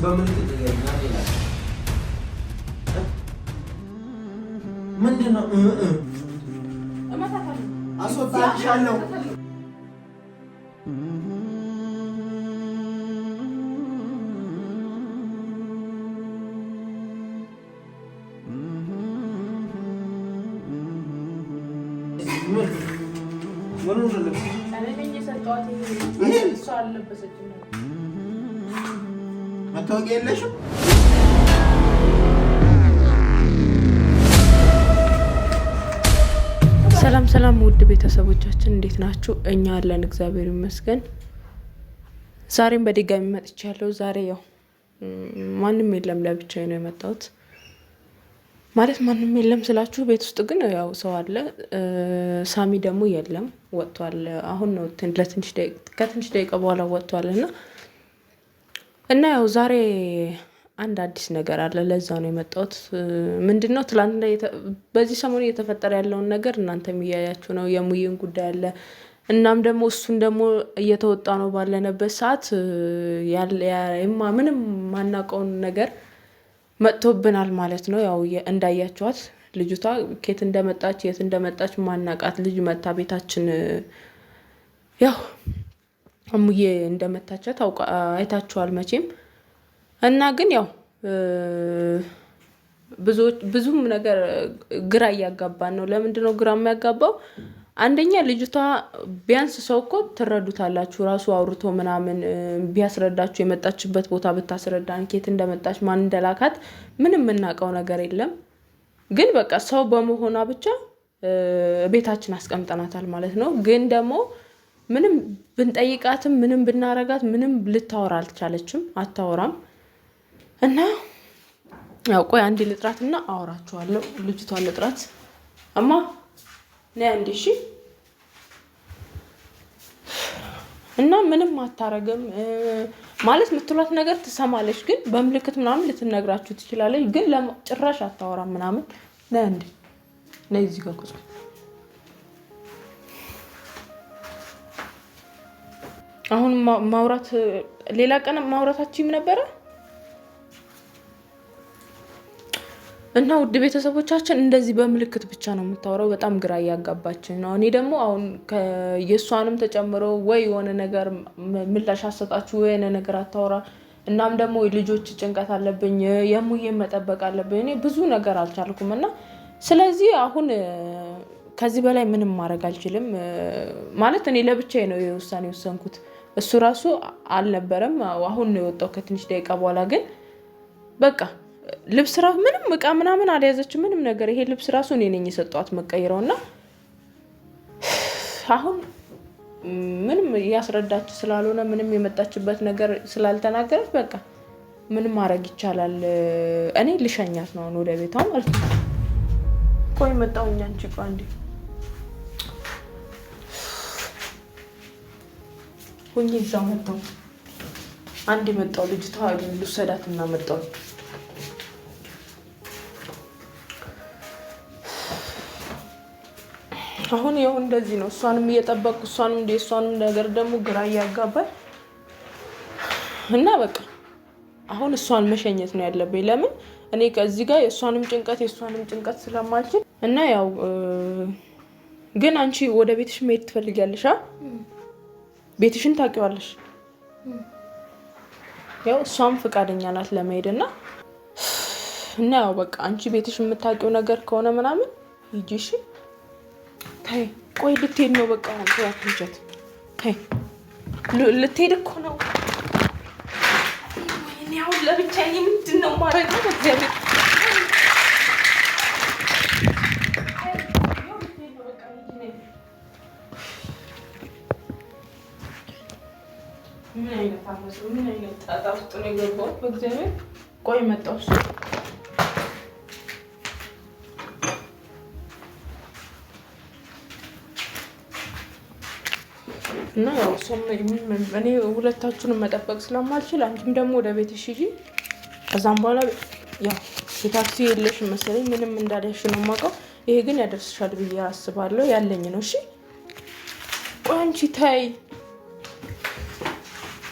በምን ትጠየኛል ይላል። ምንድን ነው አስወጣልሻለሁ ምን የለሽም። ሰላም ሰላም፣ ውድ ቤተሰቦቻችን እንዴት ናችሁ? እኛ አለን እግዚአብሔር ይመስገን። ዛሬም በድጋሚ ያለው ዛሬ ያው ማንም የለም ለብቻዬ ነው የመጣሁት። ማለት ማንም የለም ስላችሁ ቤት ውስጥ ግን ያው ሰው አለ። ሳሚ ደግሞ የለም ወጥቷል። አሁን ነው ከትንሽ ደቂቃ በኋላ ወጥቷል እና እና ያው ዛሬ አንድ አዲስ ነገር አለ። ለዛ ነው የመጣሁት። ምንድን ነው በዚህ ሰሞኑ እየተፈጠረ ያለውን ነገር እናንተ የሚያያችሁ ነው። የሙዬን ጉዳይ አለ። እናም ደግሞ እሱን ደግሞ እየተወጣ ነው ባለንበት ሰዓት ምንም ማናውቀውን ነገር መጥቶብናል ማለት ነው። ያው እንዳያችኋት ልጅቷ ኬት እንደመጣች የት እንደመጣች ማናቃት ልጅ መታ ቤታችን ያው እሙዬ እንደመታቻት አይታችኋል መቼም። እና ግን ያው ብዙም ነገር ግራ እያጋባን ነው። ለምንድን ነው ግራ የሚያጋባው? አንደኛ ልጅቷ ቢያንስ ሰው እኮ ትረዱታላችሁ፣ ራሱ አውርቶ ምናምን ቢያስረዳችሁ፣ የመጣችበት ቦታ ብታስረዳን፣ ኬት እንደመጣች ማን እንደላካት ምንም የምናውቀው ነገር የለም። ግን በቃ ሰው በመሆኗ ብቻ ቤታችን አስቀምጠናታል ማለት ነው። ግን ደግሞ ምንም ብንጠይቃትም ምንም ብናረጋት ምንም ልታወራ አልቻለችም፣ አታወራም። እና ያው ቆይ አንዴ ልጥራት እና አወራችኋለሁ። ልጅቷን ልጥራት። እማ ነይ አንዴ እሺ። እና ምንም አታረግም ማለት የምትሏት ነገር ትሰማለች፣ ግን በምልክት ምናምን ልትነግራችሁ ትችላለች፣ ግን ጭራሽ አታወራም ምናምን። ነይ አንዴ ነይ እዚህ ጋር ቁጭ አሁን ማውራት ሌላ ቀን ማውራታችሁም ነበረ እና ውድ ቤተሰቦቻችን እንደዚህ በምልክት ብቻ ነው የምታወራው። በጣም ግራ እያጋባችን ነው። እኔ ደግሞ አሁን የእሷንም ተጨምሮ ወይ የሆነ ነገር ምላሽ አሰጣችሁ ወይ የሆነ ነገር አታወራ። እናም ደግሞ ልጆች ጭንቀት አለብኝ፣ የሙዬ መጠበቅ አለብኝ። እኔ ብዙ ነገር አልቻልኩም እና ስለዚህ አሁን ከዚህ በላይ ምንም ማድረግ አልችልም። ማለት እኔ ለብቻዬ ነው የውሳኔ የወሰንኩት። እሱ ራሱ አልነበረም። አሁን ነው የወጣው ከትንሽ ደቂቃ በኋላ ግን በቃ ልብስ ራሱ ምንም እቃ ምናምን አልያዘችም፣ ምንም ነገር። ይሄ ልብስ ራሱ እኔ ነኝ የሰጠኋት መቀይረው እና አሁን ምንም እያስረዳች ስላልሆነ ምንም የመጣችበት ነገር ስላልተናገረች በቃ ምንም ማድረግ ይቻላል። እኔ ልሸኛት ነው አሁን ወደ ቤቷ ማለት ነው። ቆይ መጣሁኝ። አንቺ ቆይ እንዴ ሁኝ ዛ መጣው አንድ የመጣው ልጅቷ ልሰዳት እና መጣው አሁን ይኸው እንደዚህ ነው። እሷንም እየጠበቅኩ እሷንም እንደ እሷንም ነገር ደግሞ ግራ እያጋባል እና በቃ አሁን እሷን መሸኘት ነው ያለብኝ። ለምን እኔ ከዚህ ጋር የእሷንም ጭንቀት የእሷንም ጭንቀት ስለማልችል እና ያው ግን አንቺ ወደ ቤትሽ መሄድ ትፈልጊያለሽ? ቤትሽን ታውቂዋለሽ። ያው እሷም ፈቃደኛ ናት ለመሄድ እና እና ያው በቃ አንቺ ቤትሽ የምታውቂው ነገር ከሆነ ምናምን ሂጂ እሺ። ተይ ቆይ፣ ልትሄድ ነው በቃ ያትንጀት ልትሄድ እኮ ነው። አሁን ለብቻዬ ምንድን ነው ማድረግ ነው? ምን ቆይ መጣው እሱ እና ያው እኔ ሁለታችሁንም መጠበቅ ስለማልችል አንቺም ደግሞ ወደ ቤትሽ ሂጂ። ከዛም በኋላ ያው የታክሲ የለሽ መሰለኝ ምንም እንዳለሽ ነው የማውቀው። ይሄ ግን ያደርስሻል ብዬ አስባለሁ። ያለኝ ነው። እሺ ቆይ አንቺ ታይ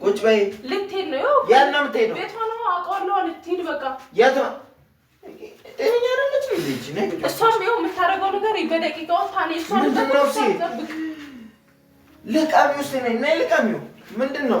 ቁጭ በይ። ልትሄድ ነው? የት ነው የምትሄደው? ቤት ሆኖ አውቀዋለሁ። ልትሄድ በቃ የት ነው? ጤነኛ አይደለች ልጅ። እሷም ይኸው የምታደርገው ነገር በደቂቃው ታኔ እሷ ምንድን ነው ልቃሚው? እስኪ ነይ ልቃሚው ምንድን ነው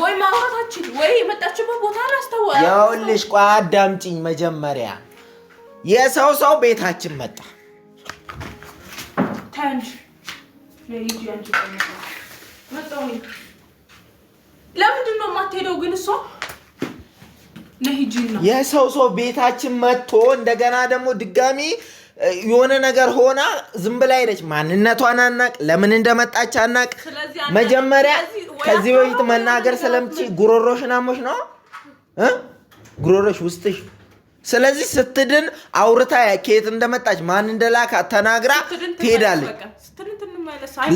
ወይ ማውራታችን ወይ የመጣችበት ቦታ አላስተዋል። ይኸውልሽ ቆይ አዳምጪኝ መጀመሪያ። የሰው ሰው ቤታችን መጣ። ለምንድን ነው የማትሄደው ግን እሷ? የሰው ሰው ቤታችን መጥቶ እንደገና ደግሞ ድጋሚ የሆነ ነገር ሆና ዝም ብላ ሄደች። ማንነቷን አናቅ፣ ለምን እንደመጣች አናቅ። መጀመሪያ ከዚህ በፊት መናገር ስለምች ጉሮሮሽን አሞሽ ነው ጉሮሮሽ ውስጥሽ። ስለዚህ ስትድን አውርታ ከየት እንደመጣች ማን እንደላካ ተናግራ ትሄዳለች።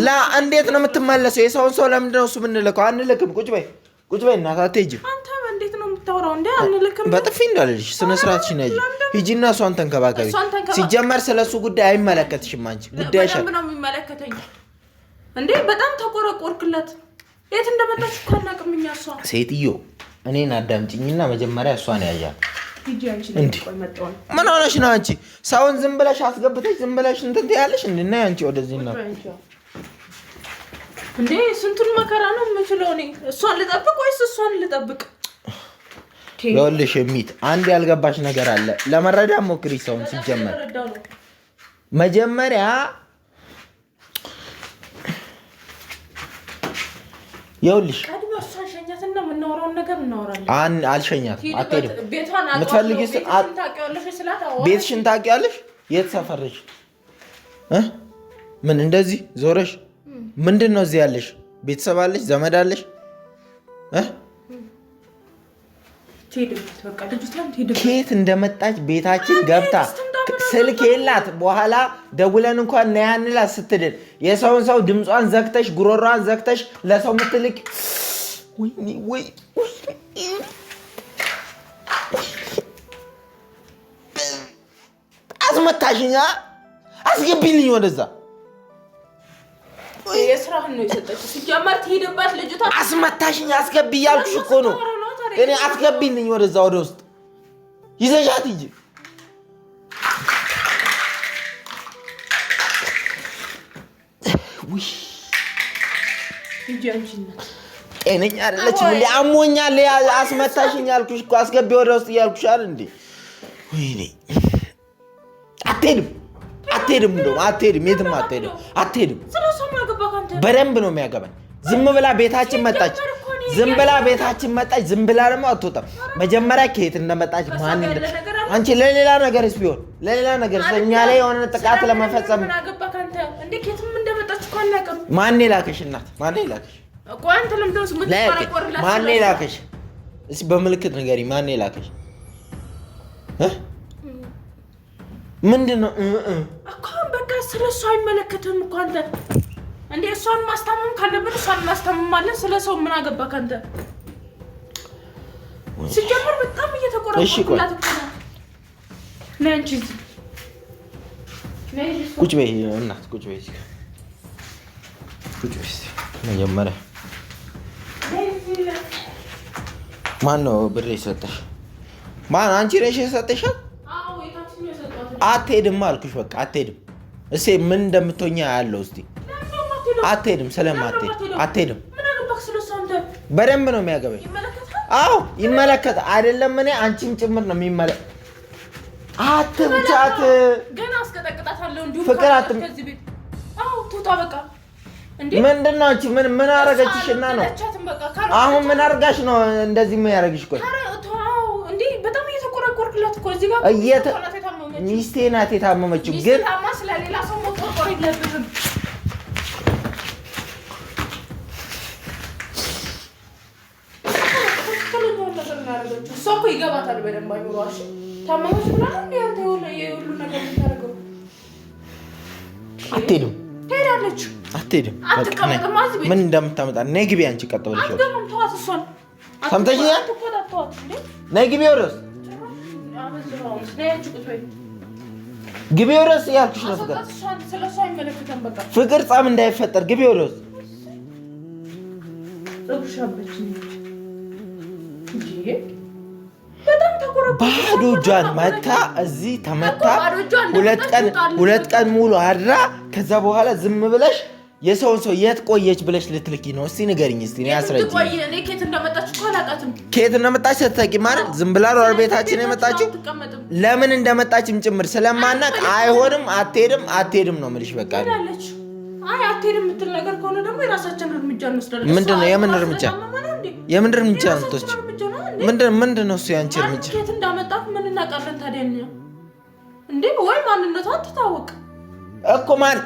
ላ እንዴት ነው የምትመለሰው? የሰውን ሰው ለምንድነው እሱ ምንልከው? አንልክም። ቁጭ በይ ቁጭ በይ እናታ አትሄጂም የምታወራው? እንደ አንልክም በጥፊ እንዳልልሽ ስነ ስርዓት ሽ ያዥ ሂጂና እሷን ተንከባከቢ። ሲጀመር ስለሱ ጉዳይ አይመለከትሽም። አንቺ ጉዳይ ሻ ነው የሚመለከተኝ። እንዴ በጣም ተቆረቆርክለት። የት እንደመጣች እኮ አናውቅም እኛ። እሷ ሴትዮ እኔን አዳምጪኝና መጀመሪያ እሷን ያዣል። ምን ሆነሽ ነው አንቺ? ሰውን ዝም ብለሽ አስገብተሽ ዝም ብለሽ እንትን ትያለሽ። እንድና አንቺ ወደዚህ ነው እንዴ? ስንቱን መከራ ነው የምችለው እኔ። እሷን ልጠብቅ ወይስ እሷን ልጠብቅ? ይኸውልሽ ሚት አንድ ያልገባሽ ነገር አለ። ለመረዳ ሞክሪ። ሰውን ሲጀመር መጀመሪያ ይኸውልሽ አልሸኛትም። አትሄድም። የምትፈልጊው ቤትሽን ታውቂያለሽ። የት ሰፈርሽ? ምን እንደዚህ ዞረሽ? ምንድን ነው እዚህ ያለሽ? ቤተሰብ አለሽ? ዘመድ አለሽ? ከየት እንደመጣች ቤታችን ገብታ ስልክ የላት በኋላ ደውለን እንኳን ናያንላ ስትድል የሰውን ሰው ድምጿን ዘግተሽ ጉሮሯን ዘግተሽ ለሰው ምትልቅ አስመታሽኛ አስገቢልኝ ወደዛ አስመታሽኛ አስገቢ እያልኩሽ እኮ ነው እኔ አትገቢልኝ ወደዛ ወደ ውስጥ ይዘሻት እንጂ ጤነኛ አይደለችም። እንደ አሞኛል አስመታሽኝ አልኩሽ እኮ አስገቢ ወደ ውስጥ እያልኩሻል። እንዴ? ወይኔ አትሄድም፣ አትሄድም፣ እንደውም አትሄድም፣ የትም አትሄድም፣ አትሄድም። በደንብ ነው የሚያገባኝ። ዝም ብላ ቤታችን መጣች። ዝምብላ ቤታችን መጣች። ዝምብላ ደግሞ አትወጣም። መጀመሪያ ከየት እንደመጣች ማን አንቺ ለሌላ ነገርስ ቢሆን ለሌላ ነገር እኛ ላይ የሆነ ጥቃት ለመፈጸም ማን ላክሽ? እናት ማን ላክሽ? ማን ላክሽ? እስኪ በምልክት ንገሪኝ። ማን ላክሽ? ምንድን ነው? በቃ ስለሱ አይመለከትም እኮ አንተ እንዴ እሷን ማስታመም ካለብን እሷን እናስታምማለን። ስለ ሰው ምን አገባ ከአንተ? ሲጀምር በጣም እየተቆራቆላት እኮ ነው። ነይ አንቺ ቁጭ በይ እናት፣ ቁጭ በይ ቁጭ በይ። መጀመሪያ ማን ነው ብር የሰጠሽ? ማን አንቺ ነሽ የሰጠሻል? አትሄድም አልኩሽ። በቃ አትሄድም። እሴ ምን እንደምትሆኛ ያለው እስኪ አትሄድም፣ ስለማትሄድ አትሄድም። በደንብ ነው የሚያገበኝ። አዎ ይመለከት አይደለም እኔ አንቺም ጭምር ነው የሚመለ አትምቻት፣ ፍቅር አትም ምንድን ነው አንቺ ምን ምን አረገችሽ? እና ነው አሁን ምን አርጋሽ ነው እንደዚህ ምን ያደርግሽ? ቆይ ሚስቴ ናት የታመመችው ግን ምናደርገችው? እሷ እኮ ይገባታል በደንብ አይኖሯሽ ታመመች ብላ ያንተ የሆነ የሁሉ ነገር የምታደርገው አትሄድም። ትሄዳለች። አትሄድም። ምን እንደምታመጣ ነይ ግቢ። አንቺ ቀጥ ብለሽ ሰምተሽኛል? ነይ ግቢ ወደ ግቢ ወደ እያልኩሽ ነው። ፍቅር ፍቅር ጻም እንዳይፈጠር ግቢ ወደ ውስጥ ሩትዬ ባዶ እጇን መታ እዚህ ተመታ። ሁለት ቀን ሁለት ቀን ሙሉ አድራ ከዛ በኋላ ዝም ብለሽ የሰውን ሰው የት ቆየች ብለሽ ልትልኪ ነው? እስቲ ንገሪኝ፣ እስቲ አስረጅኝ። ከየት እንደመጣች ስትታቂ ማለት ዝም ብላ ዶር ቤታችን የመጣችው ለምን እንደመጣችም ጭምር ስለማናቅ አይሆንም፣ አትሄድም፣ አትሄድም ነው የምልሽ። በቃ ምንድን ነው የምን እርምጃ የምን እርምጃ ነው ምንድን ምንድን ነው እሱ ያንቺ እርምጃ? ከየት እንዳመጣት ምን እናውቃለን ታዲያ እንዴ? ወይ ማንነቷ አትታወቅ እኮ ማን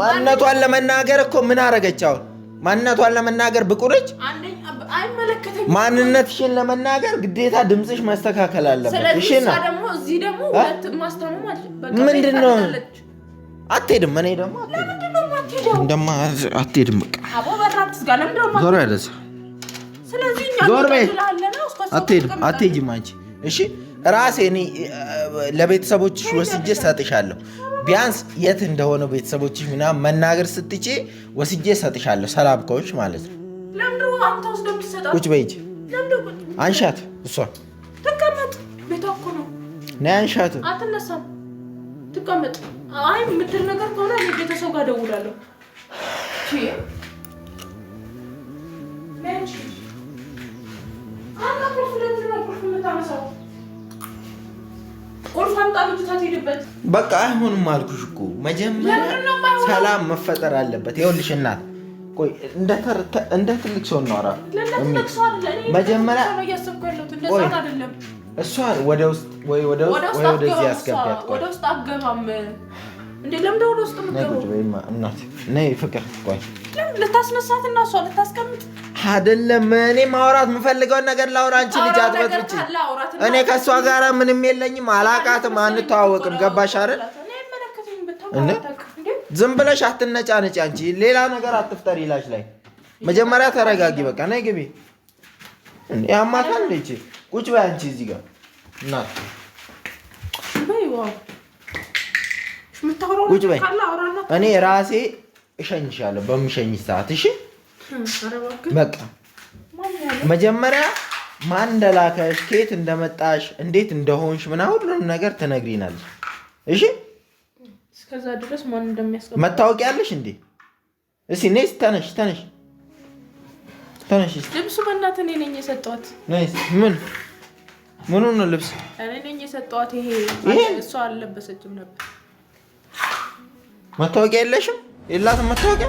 ማንነቷን ለመናገር እኮ ምን አረገች? አሁን ማንነቷን ለመናገር ብቁ ነች። ማንነትሽን ለመናገር ግዴታ ድምፅሽ መስተካከል አለበት። እሺ ነው። ምንድን ነው አትሄድም። እኔ ደግሞ አትሄድም። በቃ ዞር በይ አትሄድም አትሄጂም አንቺ እሺ ራሴ እኔ ለቤተሰቦችሽ ወስጄ ሰጥሻለሁ ቢያንስ የት እንደሆነ ቤተሰቦችሽ ምናምን መናገር ስትቼ ወስጄ ሰጥሻለሁ ሰላም ከሆንሽ ማለት ነው ቁጭ በይ እንጂ አንሻት እሷ ተቀመጥ ቤቷ እኮ ነው ነይ አንሻት አትነሳም ትቀመጥ አይ ምድር ነገር ከሆነ ቤተሰብ ጋር ደውላለሁ በቃ አይሆንም አልኩሽ እኮ መጀመሪያ ሰላም መፈጠር አለበት። ይኸውልሽ እናት ቆይ እንደ ትልቅ ሰው እናወራ። መጀመሪያ እሷ ወደ ውስጥ ወይ ወደ ውስጥ ወይ ወደዚህ ያስገባት። ቆይ እንዴ ለምን ወደ ውስጥ ምገባው? እናት ነይ ፍቅር ቆይ ልታስነሳት እና እሷ ልታስቀምጥ አደለም እኔ ማውራት የምፈልገውን ነገር ላውራ። አንቺ ልጅ አትበጥብጭ። እኔ ከእሷ ጋር ምንም የለኝም፣ አላቃትም፣ አንተዋወቅም። ገባሽ አይደል? ዝም ብለሽ አትነጫነጭ። አንቺ ሌላ ነገር አትፍጠር ይላሽ ላይ መጀመሪያ ተረጋጊ። በቃ ነይ ግቢ። ያማታል እንደ ቁጭ በይ አንቺ እዚህ ጋር እና ቁጭ በይ። እኔ ራሴ እሸኝሻለሁ በምሸኝ ሰዓት እሺ በቃ መጀመሪያ ማን እንደላከሽ፣ ከየት እንደመጣሽ፣ እንዴት እንደሆንሽ ምና ሁሉንም ነገር ትነግሪናለሽ። እሺ እስከዛ ድረስ ማን እንደሚያስቀምጥ መታወቂያ አለሽ እንዴ? እስኪ ኔስ ተነሽ፣ ተነሽ፣ ተነሽ። ልብሱ በእናትህ እኔ ነኝ የሰጠኋት። ምን ምኑ ነው ልብስ? እኔ ነኝ የሰጠኋት። ይሄ እሷ አልለበሰችም ነበር። መታወቂያ የለሽም? የላትም መታወቂያ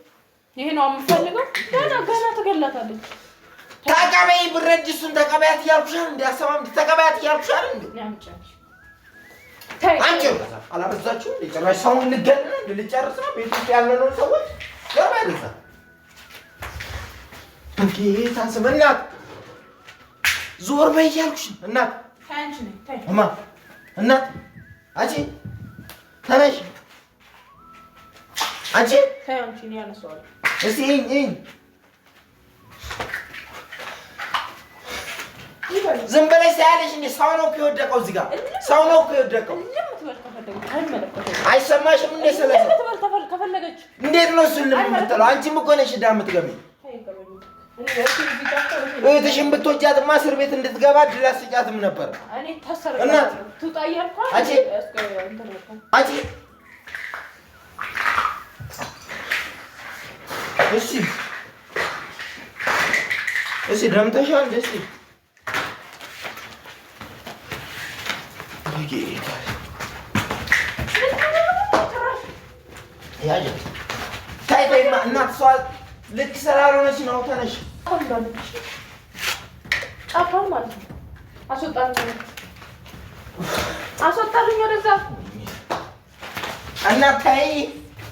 ይሄ ነው የምፈልገው። ገና ገና ትገላታለች። ተቀበይ ብረጅ እሱን ተቀበያት እያልኩሻል። እንዲያሰማም ተቀበያት እያልኩሻል። አንቺ አላበዛችሁም። ጭራሽ ሰው እንገል ልጨርስ ነው ቤት ውስጥ ነው ሰዎች ገርማ ያደዛ ጌታ ስም እናት ዞር በይ እያልኩሽ እናት እማ እናት አንቺ ተነሽ አንቺ እስቲ እኝ እኝ ዝም ብለሽ ታያለሽ። እንደ ሰው ነው የወደቀው፣ እዚህ ጋር ሰው ነው እኮ የወደቀው። አይሰማሽም? እንደ ስለዚህ እንዴት ነው እሱን ልብ የምትለው? አንቺም እኮ ነሽ ዳ የምትገቢው። እህትሽን ብትወጃትማ እስር ቤት እንድትገባ ድል አስጫትም ነበር። እስቲ እስቲ ደምተሻል። እስቲ ታይታይማ እናት እሷ ልክ ስላልሆነች ነው። ተነሽ ጫፋን ማለት ነው። አስወጣልኝ አስወጣልኝ ወደዛ እናት ታይ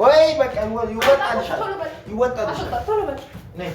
ቆይ በቃ ይወጣልሻል፣ ይወጣልሻል። ምን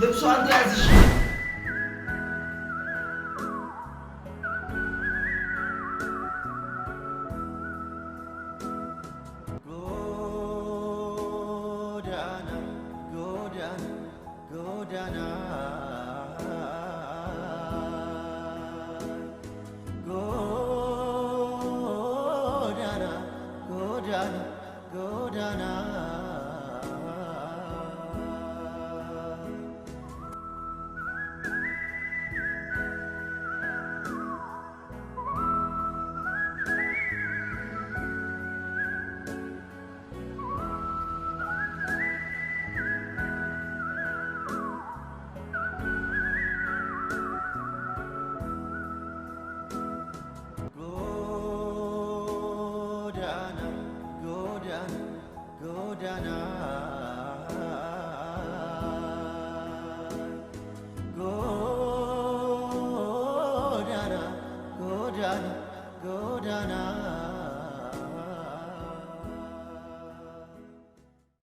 Não é só a Andrés, gente.